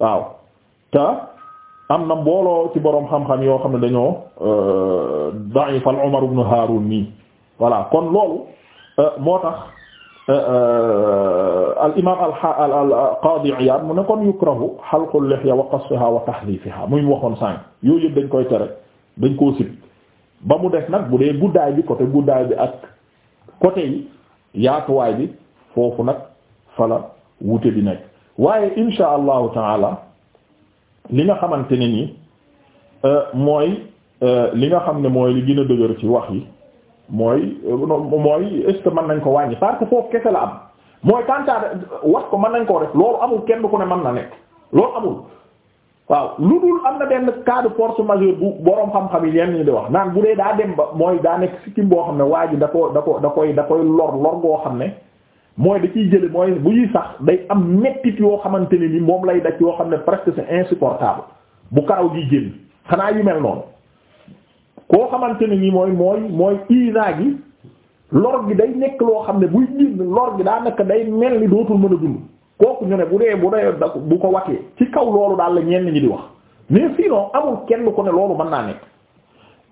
waaw te am na mbooloo ci boroom xam-xam yoo xam ne dañoo euh, da'ifal Umar ibn Harun nii voilà kon loolu euh, moo tax euh, al imaam al al qaadi Iyaad mu ne kon yukrahu halqul lihya wa qasfuha wa tahdiifiha muy waxoon sànq yooyu yëpp dañ koy tere dañ koo sib ba mu def nag bu dee guddaay bi côté guddaay bi ak côté yi yaatuwaay bi foofu nag fala wute bi nekk waaye insha allahu taala li nga xamante ni nii euh, mooy euh, li nga xam ne mooy li gën a dëgër ci wax yi mooy euh, mooy est-ce mën nañ ko wàññi parce que foofu kese la am mooy tàntaar wax ko mën nañ koo rek loolu amul kenn ku ne mën na nekk loolu amul waaw lu dul am na benn cas de force majeure bu boroom xam-xam yi yenn ñi di wax naan bu dee daa dem ba mooy daa nekk sikkim boo xam ne waa ji da ko da ko da koy da koy lor lor goo xam ne mooy da ciy jële mooy bu ñuy sax day am mettit yoo xamante ne ni moom lay daj yoo xam ne presque c'est insupportable bu karaw gi génn xanaa yu mel noonu koo xamante ne ni mooy mooy mooy isa gi lor gi day nekk loo xam ne buy génn lor gi daanaka day mel ni dootul mën a dund kooku ñu ne bu dee bu dee da bu ko watee ci kaw loolu daal la ñenn ñi di wax mais sinon amul kenn ko ne loolu mën naa nekk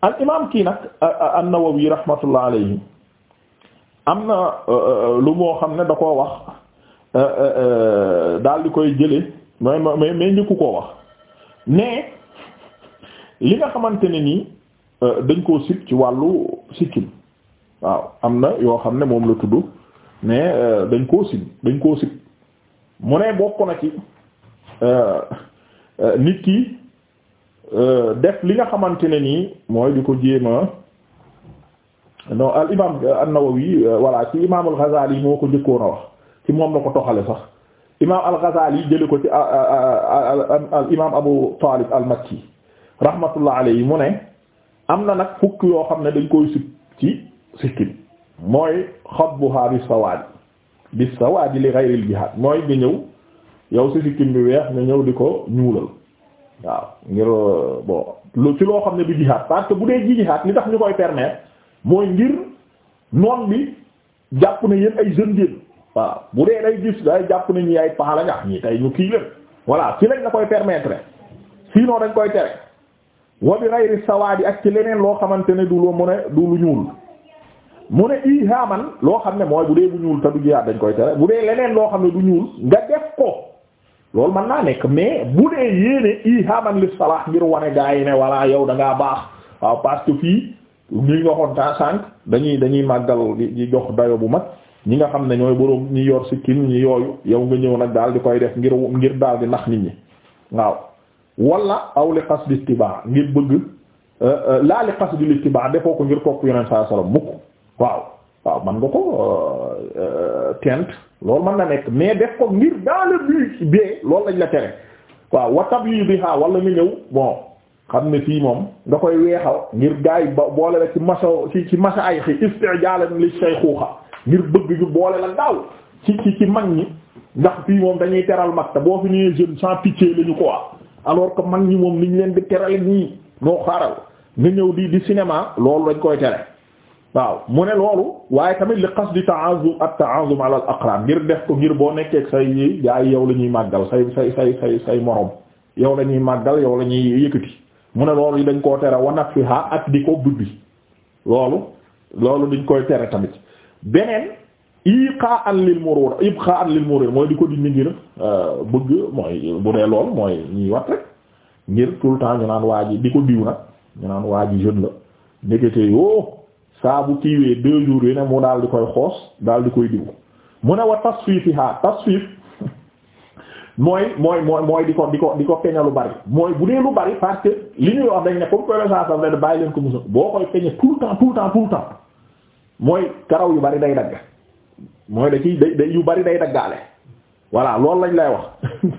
al imam kii nag an-Nawawi rahmatullah alayhi am na euh, euh, lu moo xam ne da koo wax euh, daal di koy jële mais mais mais njëkku koo wax mais li nga xamante ne nii dañ koo sib ci wàllu sikkim waaw am na yoo xam ne moom la tudd mais dañ koo sib dañ koo sib mu ne bokk na ci nit ki def li nga xamante ne nii mooy di ko jéema non al imam euh, an-Nawawi euh, voilà ci imam al-Ghazali moo ko njëkkoon a wax ci moom la ko toxale sax imam al-Ghazali jële ko ci al imam Abu Talib al-Makki rahmatullah alayhi mu ne am na nag fukk yoo xam ne dañ koy sib ci sikkim mooy xabbuha bi sawaadi bi sawaadi li ghayri al mooy nga ñëw yow si sikkim bi weex nga ñëw di ko ñuulal waaw ngir euh, bon lu ci loo xam ne du jihad parce bu dee ji jihad li tax ñu koy permettre mooy ngir noon bi jàpp ne yéen ay jeunes ngeen waaw bu dee day gis day jàpp ne ñi ay pax ñi tey ñu kii leen voilà ci lañ la koy permettre sinon dañ koy tere wa bi ghayri sawaadi ak ci leneen loo xamante ne du mu ne lu ñuul mu ne ihaaman loo xam ne mooy bu dee bu ñuul te du jihaad dañ koy tere bu dee leneen loo xam ne du ñuul nga def ko loolu mën naa nekk mais bu dee yéene ihaaman li salaax ngir wane gaa yi ne voilà yow dangaa baax waaw parce que fii ñu waxoon ta sànq dañuy dañuy màggal di jox dayo bu mag ñi nga xam ne ñooy boroom ñi yor sikkim ñi yooyu yow nga ñëw nag daal di koy def ngir ngir daal di nax nit ñi waaw wala aw li qasd ittiba ngir bëgg euh, euh, laa li qasd ittiba defoo ko ngir topp yonent saa sallam waaw waaw man nga ko euh, tent loolu mën na nekk mais def ko ngir dans le but bee loolu lañ la tere waaw wa tablibiha wala nga ñëw bon xam ne fii moom nga koy weexal ngir gaa yi ba boole la ci masa ci ci masa ay li istijalan li shaykhuha ngir bëgg ñu boole la daaw ci ci ci mag ñi ndax fii moom dañuy teral mag te boo fi nee jeune sans pitié la ñu quoi alors que mag ñi moom niñ leen di terale nii noo xaaral nga ñëw di di cinéma loolu dañ koy tere waaw mu ne loolu waaye tamit li qasdi ta'azum at ta'azum ala al aqran ngir def ko ngir boo nekkee say gaa yi yow la ñuy màggal say say say say say morom yow la ñuy màggal yow la ñuy yëkkati mu ne loolu yi dañ koo tere wanag fi ha ak di ko buddi loolu loolu dañ koy tere tamit beneen ibqa an lil murur ibqa an lil murur mooy di ko dindi ngir euh, bëgg mooy bu dee lool mooy ñuy wat rek ngir tout le temps ñu naan waa ji di ko diw nag ñu naan waa ji jeune la ndekete yoo saa bu kiiwee deux jours yi ne mu daal di koy xoos daal di koy diw mu ne wa tasfiifiha tasfiif mooy mooy mooy mooy di ko di ko di ko peña lu bari mooy bu dee lu bari parce li ñuy wax dañ ne comme colocasam len bàyyi ko musa boo koy peñe tout le temps tout temps mooy karaw yu bari day dagg mooy da ciy yu bari day daggaale voilà loolu lañ lay wax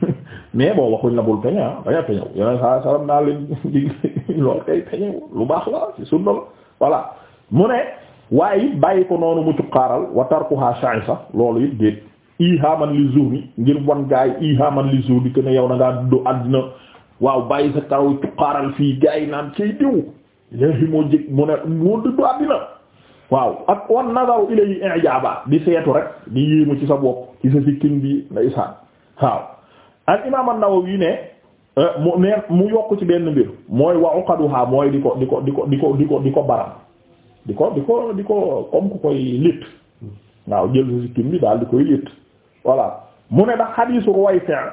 mais bon waxuñ la bul peñe ah baña peñew yoneen saa salam naa leen di lool kay peñew lu baax la ci sunna la voilà mu ne waaye it bàyyi ko noonu mu cuqaaral wa tarkuha sax loolu it déet ihaman li zuhri ngir wan gaay ihaman li zuhri que ne yow da ngaa duddu waaw bàyyi sa karaw cuqaaral fii gaay yi naan ciy diw léegi moo jëkk moo duddu àddina waaw ak wan nazaru ilayhi i'jaba di seetu rek di yéemu ci sa bopp ci sa sikkin bi na isaan waaw al imam an-Nawawi ne euh, mu neen mu yokk ci benn mbir mooy wa uqaduha mooy di ko di ko di ko di ko di ko di ko baram di ko di ko di ko comme ku koy létt waaw jël sa sikkin bi daal di voilà mu ne ndax xadiisu Ruwayfi'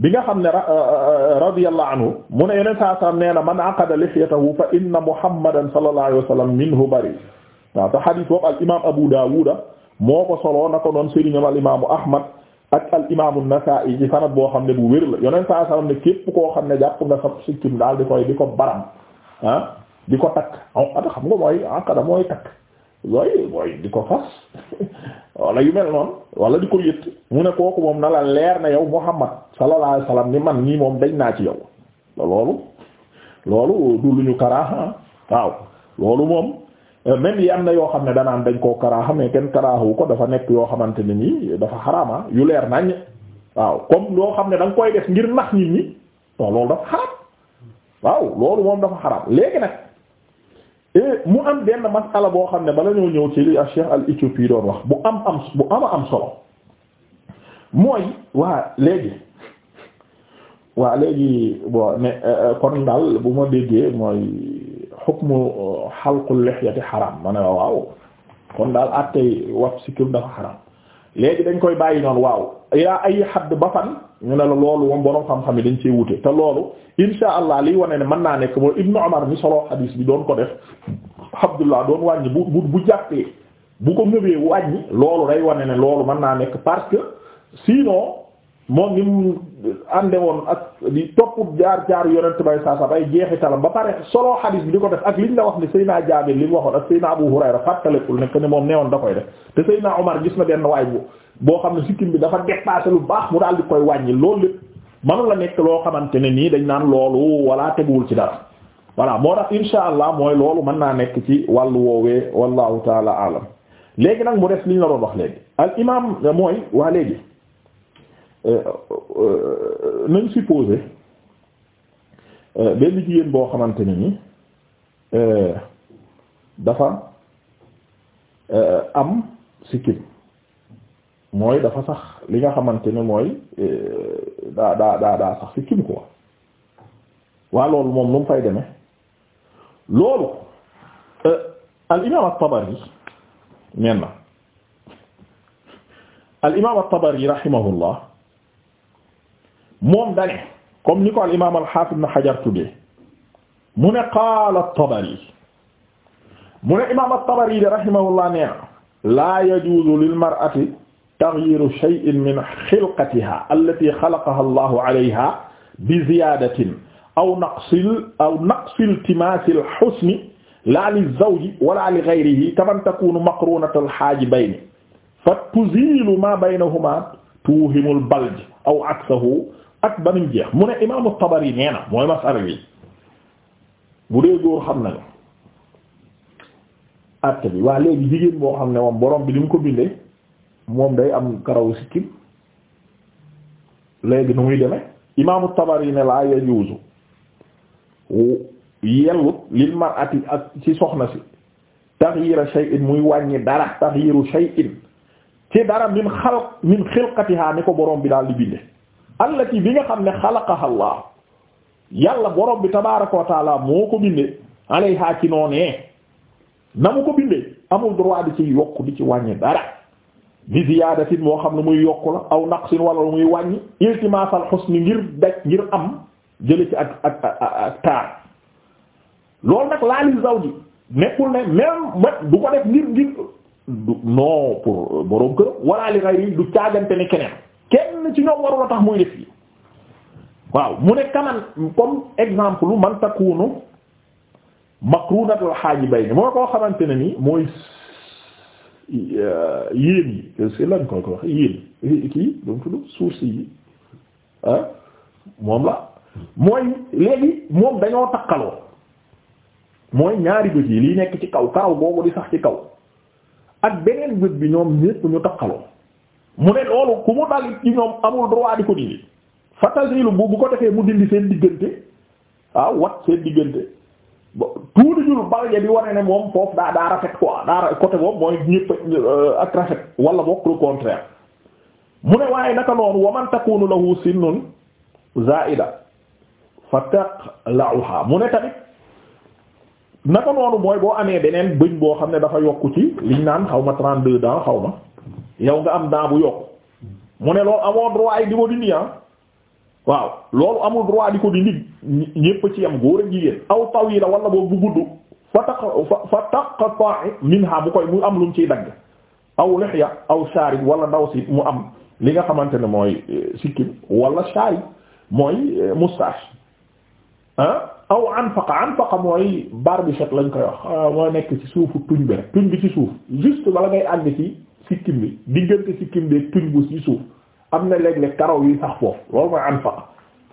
bi nga xam ne euh, euh, euh, radiyallahu anhu mu ne yeneen saa saam nee na man aqada lihyatahu fa inna muhammadan sallallahu alayhi wa sallam minhu bari waaw te xadiis boobu al imaam Abu Daawuda moo ko soloo na ko noon sëriñam al imaamu Ahmad ak al imaamu Nasaa'i ci sanad boo xam ne bu wér la yeneen saa saam ne képp koo xam ne jàpp nga sa sikkim daal di koy di ko baram ah di ko takk xam nga mooy mooy takk. yooyu mooy di ko fas wala yu mel noonu wala di ko yët mu ne kooku moom na la leer na yow Muhammad sallallahu alayhi wasallam ni man nii moom dañ naa ci yow loolu loolu du lu ñu karaaha waaw loolu moom euh, même yi am na yoo xam ne danaan dañ koo karaaha mais kenn karaahu ko dafa nekk yoo xamante ne nii dafa xaraama ah, yu leer nañ waaw comme loo xam ne da nga koy def ngir nax nit ñi non loolu dafa xaraam waaw loolu moom dafa xaraam léegi nag mu am benn masala boo xam ne bala ñoo ñëw ci li Cheikh al yi doon wax bu am am bu ama am solo mooy waa léegi waa léegi bon ne euh, kon daal bu ma déggee mooy xukmu xalqul euh, lihyati xaram ma ne waaw kon daal attey wax si dafa xaram léegi dañ koy bàyyi noonu waaw yaa ay xadd ba fan ñu ne la loolu moom boroom xam-xam yi dañ see wute te loolu insha allah liy wane ne mën naa nekk mooy Ibnu Umar mi solo xadiis bi doon ko def Abdullah doon wàññi bu bu bu jàppee bu ko ngëbee wàññi loolu day wane ne loolu mën naa nekk parce que sinon moom ni ànde woon ak di topp jaar jaar yonent bay saasam ay jeexitalam ba pare solo xadiis bi di ko def ak liñ la wax ni Seydina Jaabir li mu waxoon ak Seydina Abu Hurayra fàttalekul nekk ne moom neewoon da koy def te Seydina Omar gis na benn waay bu boo xam ne sikkim bi dafa dépassé lu baax mu daal di koy wàññi loolu lépp manu la nekk loo xamante ne nii dañ naan loolu wala teguwul ci dara voilà moo tax insha allah mooy loolu mën naa nekk ci wàllu woowee wallahu taala alam léegi nag mu def liñ la doon wax léegi al imam mooy waa léegi Euh, euh, euh, nañ supposé benn jigéen boo xamante ne ni dafa am sikkim mooy dafa sax li nga xamante ne mooy daa daa daa daa sax sikkim quoi waa loolu moom lu mu fay demee loolu al imaam at-Tabari nee na al imaam at-Tabari rahimahullah moom dane comme ni ko al imaam al haafid na xajar tuddee mu ne qaala at-Tabari mu ne imaam at-Tabari de rahimahullah nee na laa yajuuzu lil mar'ati taghyiru shay'in min xilqatiha allati xalaqaha Allahu alayha bi ziyaadatin aw naqsil aw naqsi iltimaasil husni laa li zawji wala li ghayrihi kaman takuunu maqruunatal haajibayni fa tuziilu maa baynahumaa tuuhimul balj aw aksahu ak banuñ jeex mu ne imaamu Tabari nee na mooy masala bi bu dee góor xam nañu àtte bi waa léegi jigéen boo xam ne moom boroom bi ni mu ko bindee moom day am karawu sikkim léegi nu muy demee imaamu Tabari ne laa yajuuzu yellut lil mar'ati ak ci soxna si taxyiira shay'in muy wàññi dara taxyiiru shay'in ci dara min xalq min xilqatiha ni ko borom bi daal di bindee allati bi nga xam ne xalaqaha Allah yàlla borom bi tabaaraka wa moo ko bindee alayha ci noonee na mu ko bindee amul droit di ci yokk di ci wàññi dara bi ziyaadatin moo xam ne muy yokku la aw naqsin wala muy wàññi iltimaasal xusni ngir daj ngir am jële ci ak ak ak taar loolu nag laalil zawji nekkul ne même du ko def ngir ngir du pour borom kër wala li ghayri du caagante ne keneen kenn ci ñoom warula tax muy def yi waaw mu ne kaman comme exemple man takunu maqrunatul xaaji bay ni moo koo xamante ne ni mooy yéen yi c'est lan ko wax yéen kii doomu tudd sourcils yi ah moom la mooy léegi moom dañoo takkaloo mooy ñaari bët yi liy nekk ci kaw karaw googu di sax ci kaw ak beneen bët bi ñoom ñépp ñu takkaloo mu ne loolu ku mu dal ci ñoom amul droit di ko dindi fa tasilu bu bu ko defee mu dindi seen diggante waaw ah, wat seen diggante tuuti jul balje bi wane ne moom foofu daa daa rafet ko daa côté boobu mooy ñëpp euh, ak rafet wala bokk le contraire mu ne waaye naka noonu wa man takunu lahu sinnun zaida fa taqla'uha mu ne tamit naka noonu mooy boo amee beneen bëñ boo xam ne dafa yokku ci liñ naan xaw ma 32 dents xaw ma yow nga am daa bu yokk mu ne loolu amoon droit yi di ko dindi ah waaw loolu amul droit di ko dindi ñépp ci yam góor ak jigéen aw taw yi la wala boobu bu gudd fa taq fa taqta'i minha bu koy mu am lu mu ciy dagg aw lihya aw shaarib wala ndaw si mu am li nga xamante ne mooy eh, sikkim walla shaarib mooy eh, moustache ah aw anfaqa anfaqa mooy barbichette lañ koy wax ah, mooy nekk ci suufu tuñ bi tuñ bi ci suuf juste bala ngay àgg ci sikkim bi diggante sikkim bi tuñ bu ci suuf am na léeg-léeg karaw yi sax foofu loolu mooy an fa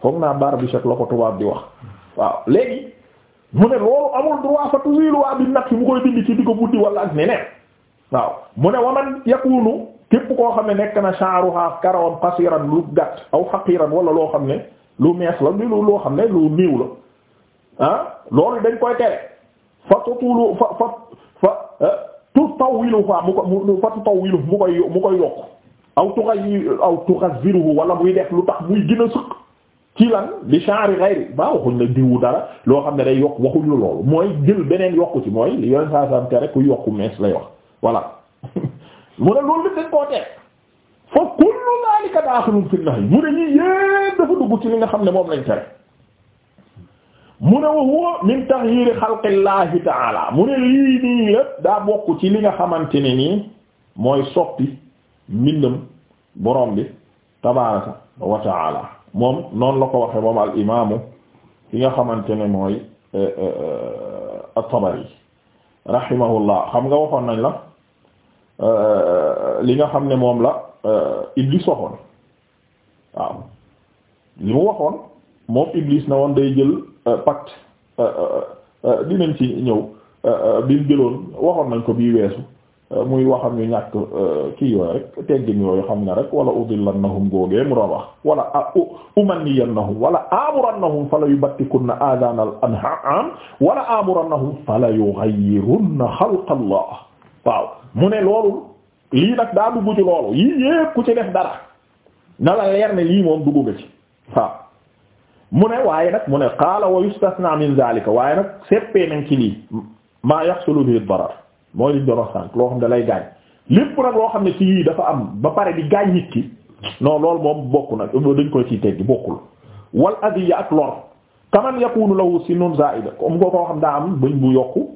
foog naa barbichette la ko tubaab di wax waaw léegi mu ne loolu amul droit fa tusilu waa bi nag si mu koy dindi ci di ko buddi wala ak neneen waaw mu ne waman yakunu képp koo xam ne nekk na sha'ruha karawam qasiran lu gàtt aw haqiran wala loo xam ne lu mees la lu loo xam ne lu niiw la ah loolu dañ koy tere fa tutulu fa fa fa tutawwilu fa mu ko mu fa tutawwilu mu koy mu koy yokk aw tughayyi aw tughazziruhu wala muy def lu tax muy gën a ci lan bi sha'ri ghayri ba waxuñ la diwu dara loo xam ne day yokk waxuñ la loolu mooy jël beneen yokk ci mooy li yoleen saa sam ku yokku mees lay wax voilà mu ne loolu li dañ koo tee fa kullu zalika dakhilun fi nahy mu ne ñii yépp dafa dugg ci li nga xam ne moom lañ tere mu ne wa huwa min taxyiiri xalqillaahi taala mu ne lii nii lépp daa bokk ci li nga xamante ne nii mooy soppi mbindam borom bi tabaraka wa taala moom noonu la ko waxe moom al imaamu ki nga xamante ne mooy eh, eh, eh, at-Tabari rahimahullah xam nga waxoon nañ la li nga xam ne moom la Iblis waxoon waaw li mu waxoon moom Iblis na woon day jël Euh, pacte euh, euh, dinañ ci ñëw bi mu jëloon waxoon nañ ko bii weesu muy waxam yu ñàkk kii yooyu rek teggin yooyu xam ne rek wala udillannahum googee mu doon wax wala umanniyannahum wala amurannahum fala yubattikunna aadaanal an'aam wala amurannahum fala yughayyirunna xalqallah waaw mu ne loolu lii nag daa dugg ci loolu yii yépp ku ci def dara na la leer ne lii moom dugg nga ci waaw mu ne waaye nag mu ne qaala wa yustasna min zalika waaye nag seppee nañ ci lii maa yaxsulu bi darar mooy liñ doon wax sànq loo xam ne lay gaañ lépp nag loo xam ne ci yii dafa am ba pare di gaañ nit ki non loolu moom bokk na dañ koy ciy teggi bokkul wal adiya ak lor kaman yakunu lahu sinun zaida comme ko koo xam daa am bëñ bu yokku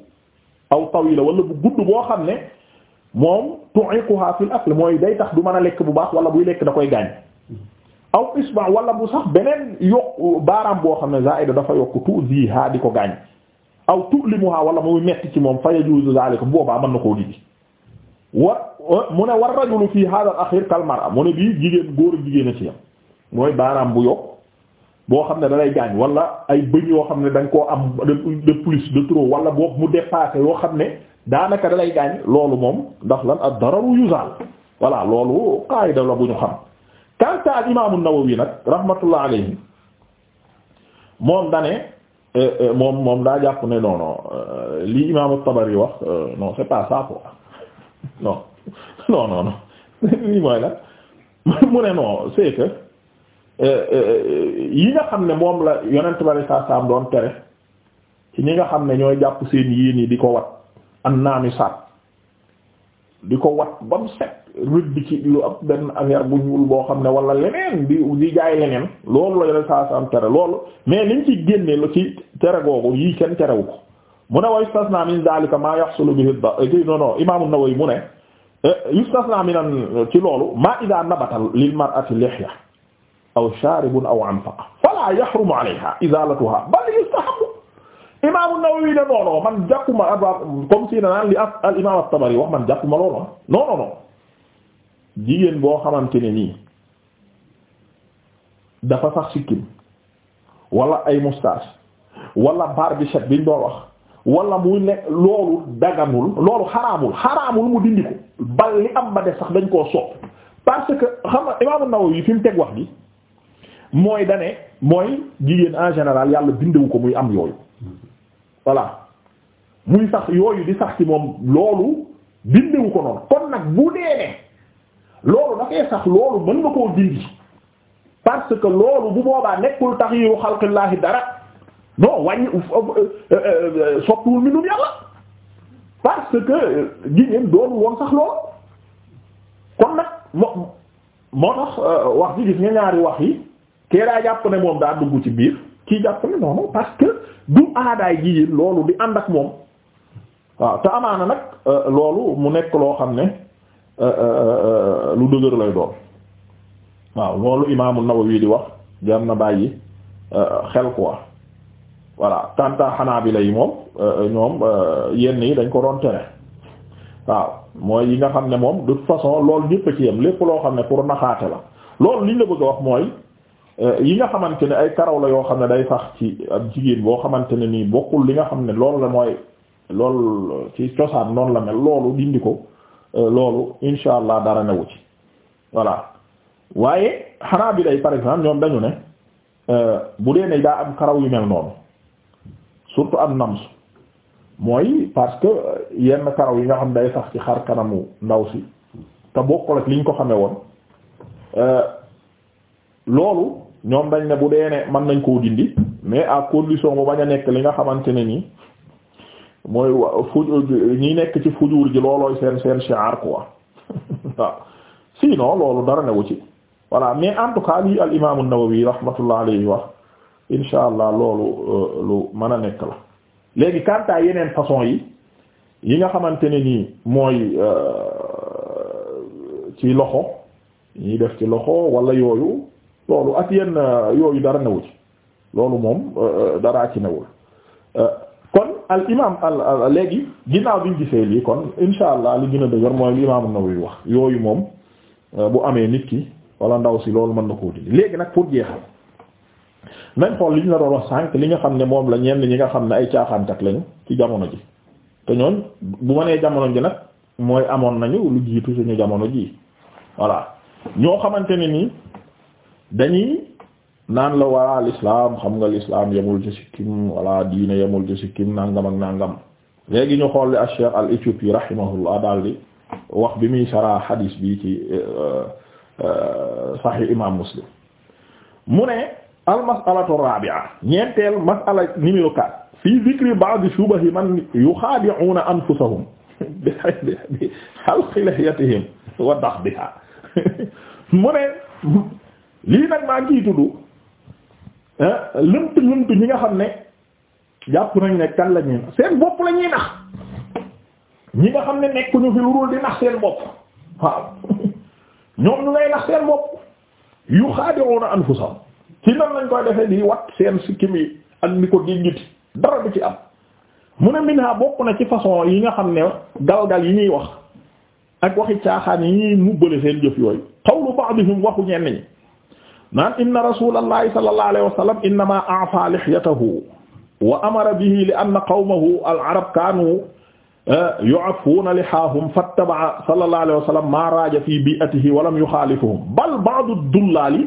aw tawila wala bu gudd boo xam ne moom tu'iquha fil akl mooy day tax du man a lekk bu baax wala buy lekk da koy gaañ aw isba wala bu sax beneen yokk baaraam boo xam ne zaida dafa yokku tuziha di ko gaañ aw tulimuha wala muy metti ci moom a fa yajuzu ko boobaa mën na koo digi war mu ne war rajulu fii hadha al akhir kal mar'a mu ne bii jigéen góor ak jigéen a ci yam mooy baaraam bu yokk boo xam ne da lay gaañ wala ay bëñ yoo xam ne dañ koo am de plus de trop wala boobu mu dépassé yoo xam ne daanaka dalay lay gaañ loolu moom ndax lan ad dararu yuzaal voilà loolu qaida la bu xam kanta al imaamu Nawawi nag rahmatullah alayhi moom dane euh, euh, moom moom daa jàpp ne non non euh, li imaamu Tabari wax non c'est pas ça quoi non non non lii mooy la mu ne non c'est yi nga xam ne moom la yonent bari saa saam doon tere ci ñi nga xam ne ñooy jàpp seen yéen yi di ko wat naa naami saat di ko wat ba mu set rëdd ci lu ab benn affaire bu ñuul boo xam ne wala leneen di di jaay leneen loolu la yeneen saa saa tere loolu mais liñ ci génne lu ci tere googu yii kenn terewu ko mu ne wa yustasna min zalika ma yahsulu bihi da eh, non non imaamu Nawawi mu ne eh, yustasna min ci loolu ma idha nabata lil mar'ati lihya aw sharibun aw anfaqa fala yahrumu alayha izalatuha bal yustahabbu imaamu Nawawi ne non non man jàppuma abwa comme si naan li al imaam at-Tabari wax man jàppuma loolu ah non jigéen boo xamante ne nii dafa sax sikkim wala ay moustache wala barbichette biñ doon wax wala muy nekk loolu daganul loolu xaraamul xaraamul mu dindi ko bal li am ba def sax dañ koo soob parce que xam nga imaamu Nawawi fi teg wax bi mooy dane mooy jigéen en général yàlla bindewu ko muy am yooyu. voilà muy sax yooyu di sax ci moom loolu dindiwu ko noonu kon nag bu dee ne loolu dafay sax loolu mën nga koo dindi parce que loolu bu boobaa nekkul tax yu xalqillaahi dara non wàññi euh, euh, soppiwul mbindum yàlla parce que jigéen doonu woon sax loolu kon nag moo moo tax euh, wax ji gis nga ñaari wax yi kee daa jàpp ne moom daa dugg ci biir kii jàpp ne non non parce que du aadaay ji loolu di ànd ak moom waaw te amaana nag euh, loolu mu nekk loo xam ne euh, euh, lu dëgër lay doon waaw loolu imaamu wii di wax jam na bàyyi xel quoi voilà xanaa bi yi moom ñoom yenn yi dañ ko doon tere waaw mooy yi nga xam ne moom du toute façon loolu ñëpp a ci yem lépp loo xam ne pour naxaate la loolu liñ la bëgg a wax mooy. Euh, yi nga xamante ne ay karaw la yoo xam ne day sax ci ab jigéen boo xamante ne nii bokkul li nga xam ne loolu la mooy loolu ci cosaan noonu la mel loolu dindi ko euh, loolu insha allah dara newu ci voilà waaye xanaa bi day par exemple ñoom dañu ne euh, bu dee ne daa am karaw yu mel noonu surtout am nams mooy parce que yenn karaw yi nga xam day sax ci xar kanamu ndaw si te bokkul ak liñ ko xamee woon loolu ñoom dañ ne bu dee ne mën nañ koo dindi mais à condition bu bañ a nekk li nga xamante ne nii mooy fu euh, euh, ñi nekk ci fujuur ji loolooy seen seen shi'ar quoi waaw sinon loolu dara newu ci voilà mais en tout cas lii al imaamu Nawawi rahmatullah alayhi wax insha allah loolu euh, lu mën a nekk la léegi quant à yeneen façon yi yi nga xamante ne nii mooy ci loxo ñuy def ci loxo wala yooyu loolu ak yenn euh, yooyu dara newu ci loolu moom euh, euh, daraa ci newul kon al imaam al léegi ginnaaw bi ñu gisee lii kon insha allah li gën a dëgër mooy li imaam An-Nawawi wax yooyu moom bu amee nit ki wala ndaw si loolu mën na koo dindi léegi nag pour jeexal nañ xool li ñu la doon wax sànq li nga xam ne moom la ñenn ñi nga xam ne ay caaxaankat lañu ci jamono ji te ñoon bu ma jamono ji nag mooy amoon nañu lu jiitu suñu jamono ji voilà ñoo xamante ne nii. dañuy naan la waa l'islam xam nga l'islam yemul ci sikkim wala diine yemul sikkim nangam ak nangam léegi ñu xool li al-Cheikh al-Éthiopie daal di wax bi muy sara hadis bi ci euh, euh, Sahih imam Muslim mu ne al-mas'alatu rabi'a ñeenteel mas'ala numéro 4 fi dhikri ba'd shubahi man yukhadi'una anfusahum bi halqi lihyatihim wa lii nag maa ngi tudd lënt lënt ñi nga xam ne jàpp nañ ne kan la seen bopp la nax ñi nga xam ne nekkuñu fi lu dul di nax seen bopp waaw ñoom ñu ngay nax seen bopp yu xaadi'una anfusahum ci nan lañ koy defee di wat seen sikkim yi ak ni ko déggiti dara du ci am mu ne minha bokk na ci façon yi nga xam ne galgal yi ñuy wax ak waxi caaxaan yi ñuy mubbale seen jëf yooyu qawlu ba'dihim waxu ñenn ñi naan inna rasulallahi sallallahu alayhi wa sallam innama a'fa lihyatahu wa amara bihi li anna qawmahu al-arab kaanu eh, yu'affuuna lihaahum fattaba'a sallallahu alayhi wa sallam maa raaja fii bi'atihi wa lam yuxaalifuhum bal ba'du ad-dullaali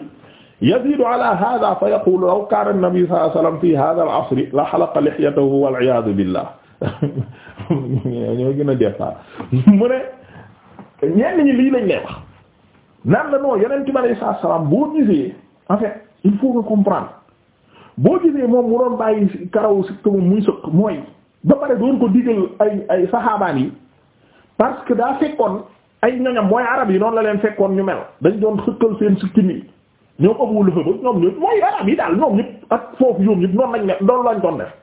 yaziidu alaa haazaa fa yaquulu law kaana an-nabiyyu sallallahu alayhi wa sallam fii haazal asri la halaqa lihyatahu wal iyaadu billaah ñoo gën a def mu ne ñenn ñi lii lañ lay wax naan la non yeneen ci bari saa salaam boo gisee en fait il faut que comprendre boo gisee moom mu doon bàyyi karaw si moom muy sëq mooy ba pare doon ko digal ay ay saxaabaan yi parce que daa fekkoon ay ñoñam mooy arab yi noonu la leen fekkoon ñu dañ doon xëkkal seen sikkim yi ñoom Abu Lahab ñoom daal ñoom ñëpp ak foofu ñoom ñëpp noonu lañ ne loolu lañ doon def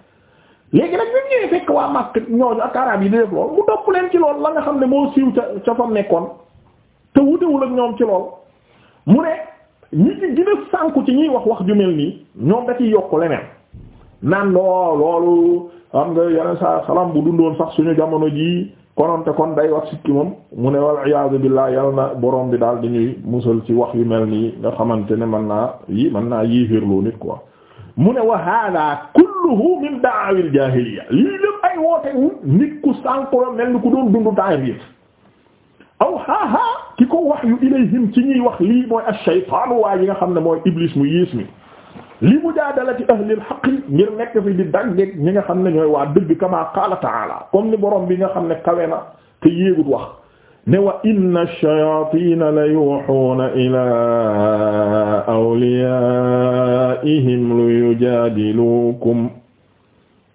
léegi nag ñu ñëwee fekk waa Makka ñooñu ak arab yi di def loolu mu topp leen ci loolu la nga xam ne moo siiw ca ca fam nekkoon te wutewul ak ñoom ci lool mu ne ñi ci gën ci ñuy wax wax ju mel nii ñoom da ciy yokk leneen naan loolu am nga yeneen sa salaam bu dundoon sax suñu jamono jii kononte kon day wax sikki moom mu ne wal iyaadu billaah yal na boroom bi daal di ñuy musal ci wax yu mel nii nga xamante ne mën naa yi mën naa yéeféerloo nit ko mu ne wa hada kulluhu min da'awil jaahiliya lii lépp ay woote nit ku sànku mel ni ku doon dundu daawir aw haa ko wax yu ilayhim ci ñuy wax lii mooy ash-shaytaan waaye yi nga xam ne mooy iblis mu yiis mi li mujaadalati ahlil haqq ngir nekk fi di daggeek ñi nga xam ne ñooy waa dëgg kama qaala ta'ala comme ni borom bi nga xam ne kawe na te yéegul wax ne wa inna ash-shayaatiina la yuuhuuna ilaa awliyaa'ihim liyujaadiluukum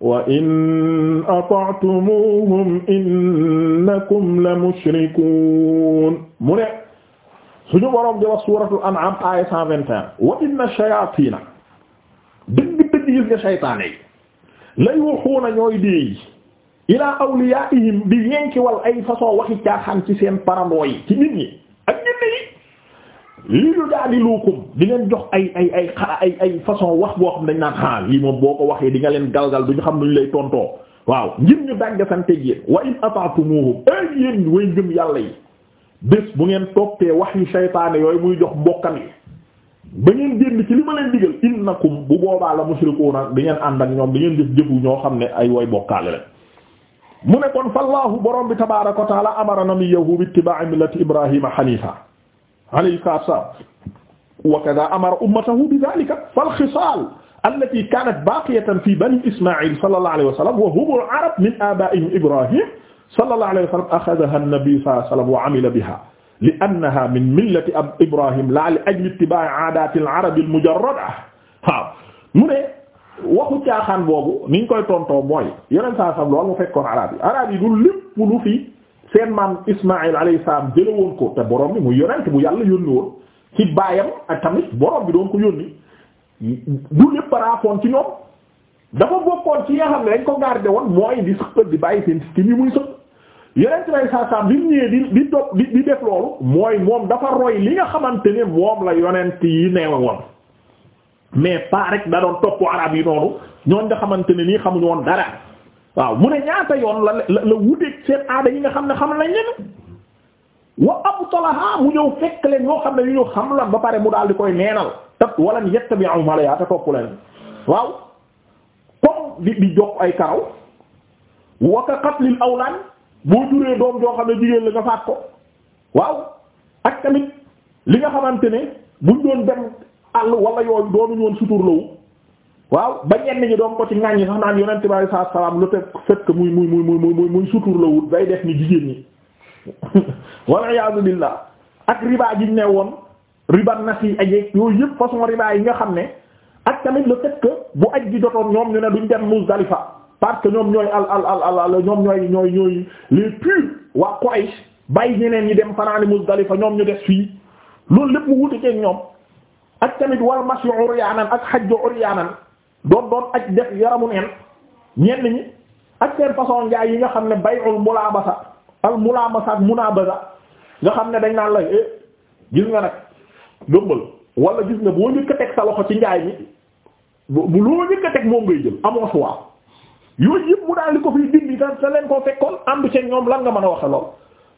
wa in ata'tumuhum innakum la mushrikuun mu ne suñu boroom di wax suuratul an'aam aaya 121 wa inna shayaatiina dëgg-dëgg gis nga saytaane yi la yuuhuuna ñooy déey ilaa awliyaa'ihim di yenki wal ay façon waxi caaxaan ci seen parandoo yi ci nit ñi ak jinne yi lii lu daal di luukum jox ay ay ay xara ay ay façon wax boo xam dañ naan xanaa yii moom boo ko waxee di nga leen galgal duñu xam nuñ lay tontoo waaw ngir ñu dàggasante yéen wa in ataatumuhum ay yéen way ngëm yàlla yi bés bu ngeen toppee wax yu saytaane yooyu muy jox mbokkam yi ba ngeen génn ci li ma leen digal innakum bu boobaa la mushrikuuna di ànd ak ñoom di ngeen jëf jëfu ñoo xam ne ay woy bokkaale la mu ne kon fallaahu borom bi tabaaraka wa taala amara nabiyahu bi ittibaa'i alayhi salaam wa kaza amara ummatahu bi dhalika fal khisaal allati kaanat baaqiyatan fi bani isma'il sallallahu alayhi wa sallam wa hum al-arab min aabaa'ihim ibrahim sallallahu alayhi wa sallam akhadhaha an-nabi sallallahu alayhi wa sallam wa amila biha li'annaha min millati ab ibrahim la li ajli ittibaa'i aadaati al-arab al-mujarrada waaw mu ne waxu caaxaan boobu niñ koy tontoo mooy yeneen saa sam loolu mu fekkoon arab yi arab yi du lépp lu fi seen maam Ismaïl alayhi salaam jëlee ko te borom bi mu yonent bu yàlla yónni woon ci baayam ak tamit borom bi doon ko yónni du lépp raafoon ci ñoom dafa bokkoon ci nga xam ne dañ ko gardé woon mooy di sëqët di bàyyi seen ci mi muy sëq yonent bi alayhi salaam bi ñëwee di di def loolu mooy moom dafa roy li nga xamante ne moom la yonent yi neewe woon mais pas rek da doon topp arab yi noonu ñoon nga xamante ne nii xamuñu woon dara. waaw mu ne ñaata yoon la la la wuteeg seen aada yi nga xam ne xam nañ leen wa abtalaha mu ñëw fekk leen ñoo xam ne yu ñu xam la ba pare mu daal di koy neenal tat wala yattabi'u ma la yaa te topp leen waaw comme di di jox ay karaw wa ka qatlil awlaan boo juree doom joo xam ne jigéen la nga faat ko waaw ak tamit li nga xamante ne buñ doon dem àll wala yooyu doonuñu woon suturlawu waaw ba ñenn ñi doon ko ci ŋàññi sax naan yonent bi saa salaam lu teg fekk muy muy muy muy muy muy sutur la wut day def ni jigéen ñi wal iyaazu billaah ak riba ji ne woon riba nasi ajeeg yooyu yëpp façon riba yi nga xam ne ak tamit le fait que bu aj ji jotoon ñoom ñu ne duñ dem Muzdalifa parce que ñoom ñooy al al al al ñoom ñooy ñooy ñooy les purs waa Quraysh bàyyi ñeneen ñi dem fanaani Muzdalifa ñoom ñu des fii loolu lépp mu wuti ceeg ñoom ak tamit wal mashu uryaanan ak doon doon aj def yaramu neen ñenn ñi ak seen façon njaay yi nga xam ne bay'ul mulaabasa al mulaabasa ak munaabasa nga xam ne dañ naan la eh gis nga nag dëmbal wala gis nga boo njëkk a teg sa loxo ci njaay mi bu loo njëkk a teg moom ngay jël amoo choix yooyu yëpp mu daal li ko fiy dindi te te leen koo fekkoon ànd ci ñoom lan nga mën a waxe lool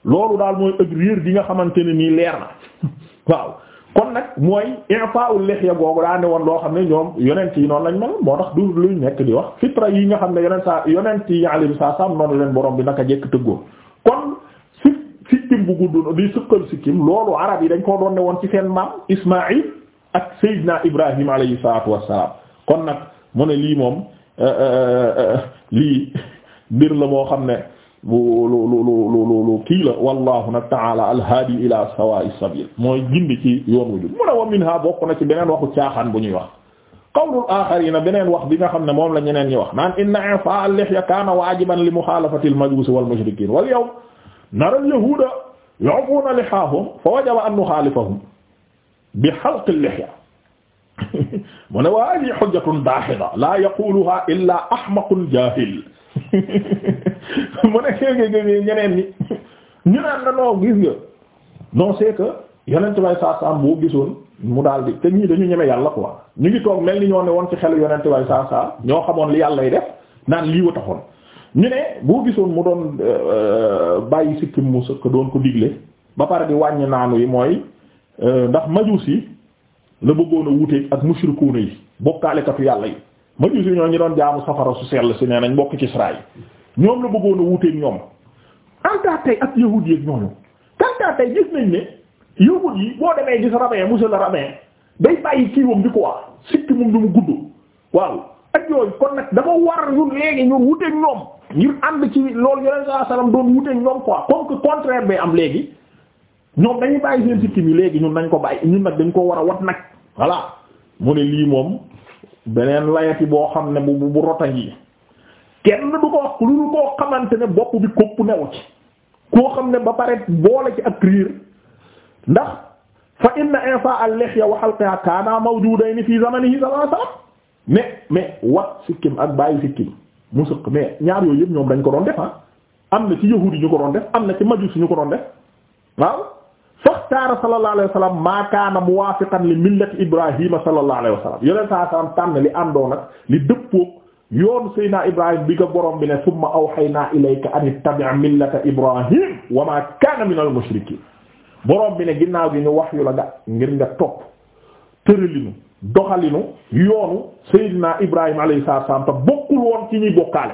loolu daal mooy ëgg réer gi nga xamante ne nii leer na waaw kon nag mooy i'fa'ul lihya googu daa ne woon loo xam ne ñoom yonent yi noonu lañ mel moo tax du luy nekk di wax fitra yi nga xam ne yonent saa yonent yi alayhi salaam noonu leen borom bi naka jekk tëggoo kon si sikkim bu gudd di sukkal sikkim loolu arab yi dañ koo doon ne woon ci seen maam Ismaïl ak Seydina Ibrahim alayhi salaatu wassalaam kon nag mu ne lii moom euh, euh, euh, lii mbir la moo xam ne. lu lu lu lu lu kii la wallahu nag taala alhaadi ila sawaa'i sabiil mooy gindi ci yoon wu jub mu ne wa minha bokk na ci beneen waxu caaxaan bu ñuy wax qawlul aaxariina beneen wax bi nga xam ne moom la ñeneen ñi wax naan inna i'faa al-lihya kaana waajiban li muxaalafati al-majuus wal mushrikiin wal yawm nara al-yahuuda yu'fuuna lihaahum fa wajaba an nuxaalifahum bi halqi al-lihya mu ne wa haadihi hujjatun daahida laa yaquuluhaa illaa ahmaqun jaahil mu ne xëy na ñeneen ñi ñu naan la non gis nga non c'est que yonent bay saa saam boo gisoon mu daal di te ñii dañu ñeme yàlla quoi ñu ngi toog mel ni ñoo ne woon ci xelu yonent bay saa ñoo xamoon li yàlla lay def naan lii wa taxoon ñu ne boo gisoon mu doon euh, euh, bàyyi sikkim mu sëkk doon ko digle ba pare di wàññi naanu yi mooy euh, ndax majuus yi la bëggoon a wuteeg ak mushrikuuna yi bokkaalekatu yàlla yi. ma gisu ñoo ñi doon jaamu safara su sell si nee nañ bokk ci Israël ñoom la bëggoon a wuteeg ñoom antaa ak yahud yi ak ñooñu kantaa tey gis nañ ne yahud yi boo demee gis rabbin monsieur le rabbin day bàyyi kii wam di ko wax sikki moom du mu gudd waaw ak yooyu kon nag dafa war ñun léegi ñun wuteeg ñoom ngir ànd ci loolu yeneen saa salaam doon wuteeg ñoom quoi comme que contraire bay am léegi ñoom dañuy bàyyi seen sikkim yi léegi ñun nañ ko bàyyi ñun dañ ko war a wat nag voilà mu lii moom beneen layati boo xam ne bu bu rota ngi kenn du ko wax lu koo xamante ne bopp bi kopp new ci koo xam ne ba pare boole ci ak riir ndax fa inna infa al lihya wa halqiha kaana mawjudayn fi zamanihi yi alayhi wasallam mais mais wat sikkim ak bàyyi sikkim mu sëq mais ñaar yooyu yëpp ñoom dañ ko doon def ah am na ci yahuudi ñu ko doon def am na ci majusi ñu ko doon def waaw faxtaara sallallahu alayhi wa sallam maa kaana muwaafiqan li millati Ibrahima sallallahu alayhi wa sallam yeneen saa salaam tànn li àndoon ak li dëppoo yoonu Seydina Ibrahima bi nga borom bi ne summa awhaynaa ilayka an ittabi' millata Ibrahima wa maa kaana minal mushrikiin borom bi ne ginnaaw gi ñu wax yu la nga ngir nga topp tëralinu doxalinu yoonu Seydina Ibrahima alayhi salaam te bokkul woon ci ñuy bokkaale.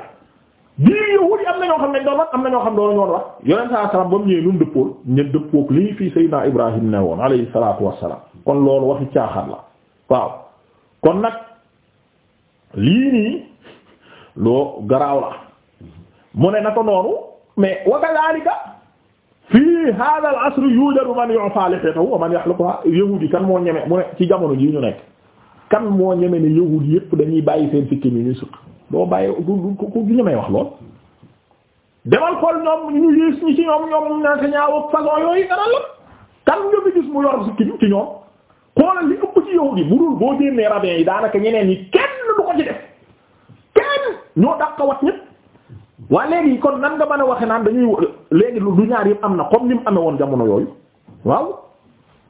bii yahuud yi am na ñoo xam ne doon wax am na ñoo xam ne doon ñoon wax yonent saa salaam ba mu ñëwee lu mu dëppool ñen dëppook lii fii Seydina Ibrahim ne woon alayhi salaatu wassalaam kon loolu waxi caaxaan la waaw kon nag lii nii loo garaaw la mu ne na ko noonu mais wa kadhalika fii hadha al asr yujadu man yu'fa lihiyatahu wa man yahliquha yahuud yi kan moo ñeme mu ne ci jamono jii ñu nekk kan moo ñeme ne yahuud yépp dañuy bàyyi seen sikkim yi ñu sukk boo bàyyi du ku gi may wax lool demal xool ñoom ñu yées ñi ci ñoom ñoom enseignant ak façon yooyu dara la kan nga gis mu yor si kiñ ci ñoom xoolal li ëpp ci yow gi bu dul boo génnee rabin yi daanaka ñeneen ñi kenn du ko ci def kenn ñoo dàqawat ñëpp waa léegi kon nan nga mën a waxe naan dañuy léegi du ñaar yi am na comme ni mu amee woon jamono yooyu waaw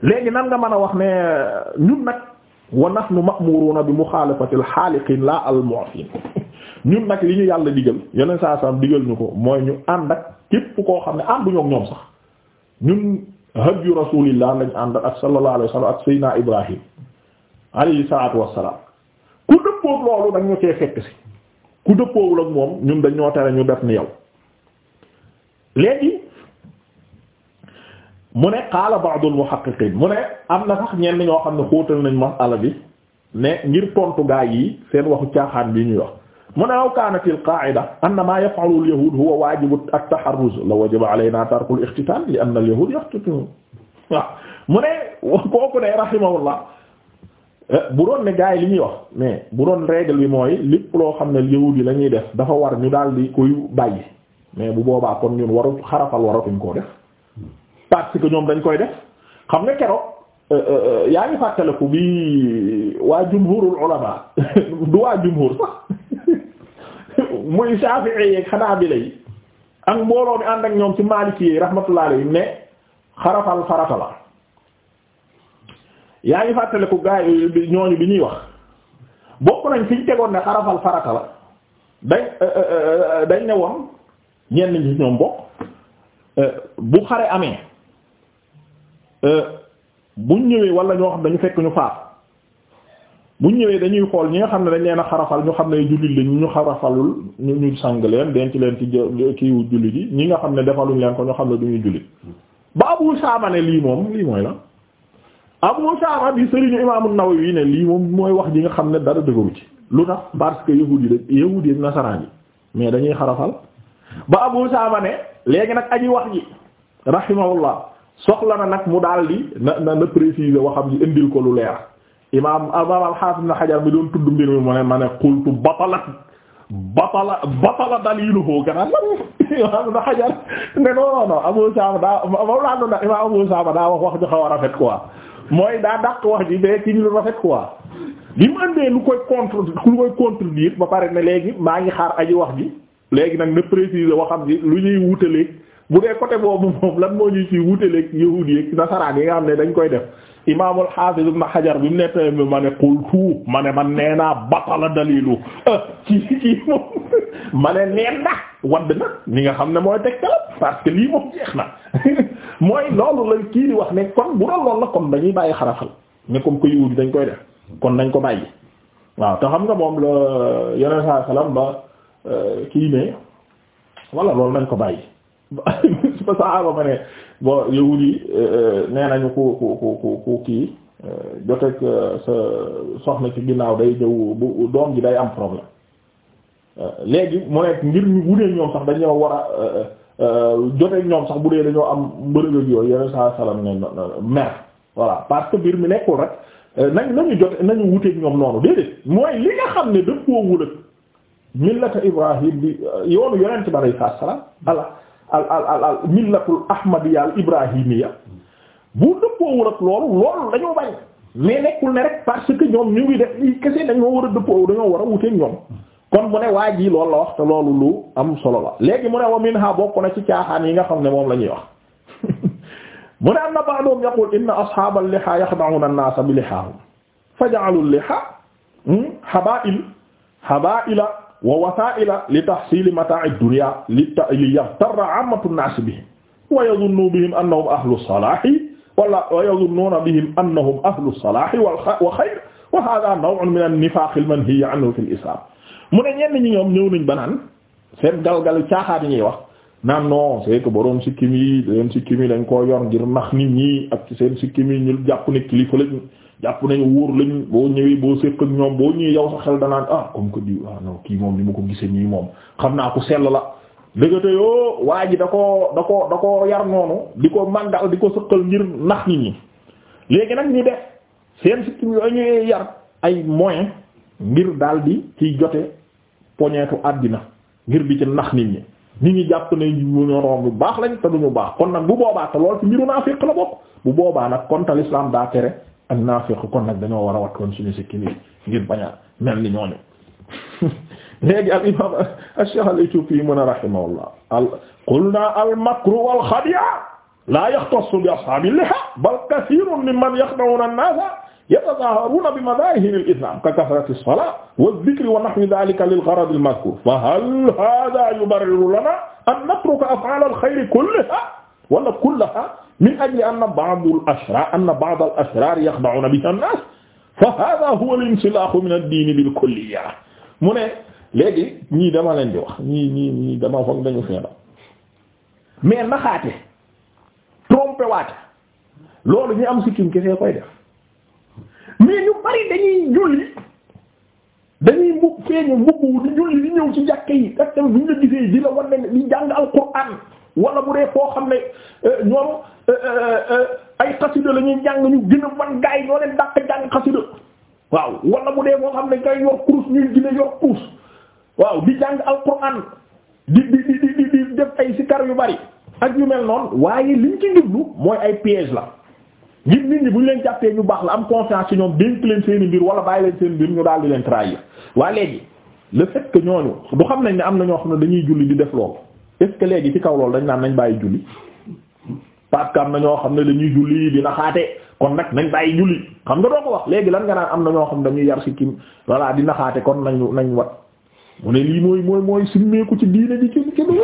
léegi nan nga mën a wax ne euh, ñun nag wa nahnu ma'muruna bi mukhalafatil khaliqin la al mu'sin ñun nag li ñu yàlla digal yeneen saa saam digal ñu ko mooy ñu ànd ak képp koo xam ne ànduñu bu ñoom sax ñun hadyu rasulillah lañ ànd ak sallallahu alayhi wasallam ak sayyidina ibrahim alayhi salaatu wassalaam ku dëppoog loolu dañ ñu cee fekk si ku dëppoowul ak moom ñun dañ ñoo tere ñu def ni yow léegi mu ne qaala ba'dul muhaqqiqin mu ne am na sax ñenn ñoo xam ne xóotal nañ masala bi ne ngir tontu gaa yi seen waxu caaxaan bi ñuy wax mu ne aw kaanatil qaa'ida anna maa yaf'alu al-yahuud huwa waajibu at-taharruz la wajaba alaynaa tarku al-ixtitaan li anna al-yahuud waaw mu ne kooku ne rahimahullah bu doon ne gars yi li ñuy wax mais bu doon règle bi mooy lépp loo xam ne yahuud yi lañuy def dafa war ñu daal di koy bàyyi mais bu boobaa kon ñun waru xarafal waratuñ koo def parce que ñoom dañ koy def xam nga keroog euh, euh, yaa ngi fàttaliku bi waa jumhurul ulama du waa jumhur sax. muy Shafi'i yeeg Hanabila yi ak mbooloo mi ànd ak ñoom ci Maliki yi rahmatullahi alayhim ne xarafal farata la yaa ngi fàttaliku gaa yi ñooñu bi ñuy wax bokk nañ fi ñu tegoon ne xarafal farata la dañ euh, euh, euh, dañ ne woon ñenn ñi ñoom bokk bu xare amee buñ ñëwee wala ñoo xam dañu fekk ñu faat buñ ñëwee dañuy xool ñi nga xam ne dañ nee na xarafal ñu xam ne jullit lañ ñu xarafalul ñu ñu sang leen denc leen ci kiiwu jullit yi ñi nga xam ne defaluñ leen ko ñu xam ne duñuy jullit ba Abu Saama ne lii moom lii mooy la Abu Saama bi sëriñu Imaamu Nawawi ne lii moom mooy wax ji nga xam ne dara dëgëru ci lu tax parce que yahuudi da yahuudi ak nasaraan yi mais dañuy xarafal ba Abu Saama ne léegi nag aji wax ji rahimahullah soxla na nag mu daal di na na na préciser waxam ji indil ko lu leer imaam imaam al-Hafiz ibn Hajar mi doon tudd mbir mi mu ne ma ne qultu batalat batala batala daliluhu gannaaw imaam ibn Hajar ne non non non Abu Sa'ba daa imaam Abu Sa'ba daa wax wax ju xaw a rafet quoi mooy daa dàq wax ji mais ci lu rafet quoi li mu andee lu koy contre lu koy contredire ba pare ne léegi maa ngi xaar aji wax ji léegi nag na préciser waxam ji lu ñuy wutalee. bu dee côté boobu moom lan moo ñu ci wuteleeg yahuud yeeg nasaraan yi nga xam ne dañ koy def imaamul hafiz ibn hajar bi mu nettali ma ne qultu ma ne man nee naa batala dalilu eh, ci ci moom ma ne neen na wadd na ni nga xam ne mooy tegtalam parce que lii moom jeex na mooy loolu la kii di wax ne kon bu doon loolu la kon dañuy bàyyi xarafal ne comme que yahuud dañ koy def kon nañ ko bàyyi waaw te xam nga moom la yeneen saa salaam ba eh, kii ne wala loolu nañ ko bàyyi ba saxaaba ma ne bon yahud yi euh, nee nañu ku ku ku kii euh, joteeg euh, sa soxna ci ginnaaw day jëw bu doom ji day am problème léegi mu nekk ngir ñu bu dee ñoom sax dañoo war a joteeg ñoom sax bu dee dañoo am mbërëgëg yooyu yeneen saa salaam ne mer voilà parce que mbir mi nekkul rek nañ nañu jote nañu wuteeg ñoom noonu déedéet mooy li nga xam ne dëppoo wul ak millata Ibrahim bi yoonu yonent bi alayhi salaam ala al al al al millatul ahmadiyya al ibrahimiyya bu dëppoowul ak loolu loolu dañoo bañ mais nekkul ne rek parce que ñoom ñu ngi def lii kese dañoo war a dëppoo dañoo war a wuteeg ñoom kon mu ne waa ji loolu la wax te loolu lu am solo la léegi mu ne wa minha bokk na ci caaxaan yi nga xam ne moom la ñuy wax mu ne am na ba'dhum yaqul inna ashaabal liha yakhda'una an-naasa bi lihaahum faja'alu liha hmm, habaa'il habaa'ila wa wasaa'ila li tahsiili mataa'i dunya li ta li yaghtarra 'ammatu an-naas bihim wa yadhunnu bihim annahum ahlu salaahi wala wa yadhunnuna bihim annahum ahlu salaahi wa xayr wa haadha naw'un min an-nifaaq mu ne ñenn ñi ñoom ñëw nañ ba naan seen galgal caaxaan ñuy wax naan non c'est que boroom sikkim yi seen sikkim yi dañ koo yor ngir nax nit ñi ak seen sikkim yi ñu jàpp jàpp nañu wóor lañ boo ñëwee boo séq ak ñoom boo ñëwee yow sa xel danaan ah comme que diw ah non kii moom ni ma ko gisee nii moom xam naa ko sell la dëggate yoo waa ji da koo da koo da koo yar noonu di ko màndal di ko sëqal ngir nax nit ñi léegi nag ñu def seen sikkim yooyu ñuy yar ay moyen ngir daal di ciy jote poñeetu àddina ngir di ci nax nit ñi nit ñi jàpp ne ñoroom bu baax lañ te duñu baax kon nag bu boobaa te lool ci mbiru naa féq la bopp bu boobaa nag kon tal islam daa tere ak naafiq kon nag dañoo war a wattoon suñu sikki ni ngir bañ a mel ni ñooñu léegi al imam ash-shaykh al-Ethiopi yi mën a rahimahullah al qulna al makru wal xadi'a la yaxtassu bi ashaabil liha bal kathiirun mimman yaxda'uuna an-naasa yatazaaharuuna bi madaahiri al-islaam ka kasrati as-salaati wadh-dhikri wa nahwi dhaalika lil gharadi al-mazkuur fa hal haadha yubarriru lanaa an natruka af'aal al-khayri kullahaa wala kullahaa min ajli anna ba'd al-ashrar anna ba'd al-ashrar yakhda'una biha an-nas fa hadha huwa al-insilakhu min ad-din bil kulliyya mu ne léegi ñii dama leen di wax ñii ñii ñii dama foog dañu feeba mais naxaate trompé waate loolu ñu am sikkim kese koy def mais ñu bari dañuy julli dañuy mbub feeñu mbubb di julli di ñëw ci jàkke yi ak tamit bu ñu la gisee di la wan ne di jàng al-Qur'an wala bu dee koo xam ne euh, ñoom euh, euh, ay xasida la ñuy jàng ñu gën a man gaay ñoo leen dàq jàng xasida waaw wala bu dee koo xam ne ngay yor kurus ñuy gën a yor kurus waaw di jàng alquran di di di def ay sikar yu bari ak yu mel noon waaye liñ ci njublu mooy ay piège la ngir nit ñi bu ñu leen jàppee ñu baax la am confiance ci ñoom dénk leen seeni mbir wala bàyyi leen seen mbir ñu daal di leen trahir waaye léegi le fait que ñooñu du xam nañ ne am na ñoo xam ne dañuy julli di def loolu est-ce léegi ci kaw loolu dañ naan nañ bàyyi julli parce que na ñoo xam ne dañuy julli di xaate kon nag nañ bàyyi julli xam nga doo ko wax léegi lan nga naan am na ñoo xam dañuy yar si kim voilà dina naxaate kon nañu nañ wat mu ne lii mooy mooy mooy simmeeku ci diine di ci ci lu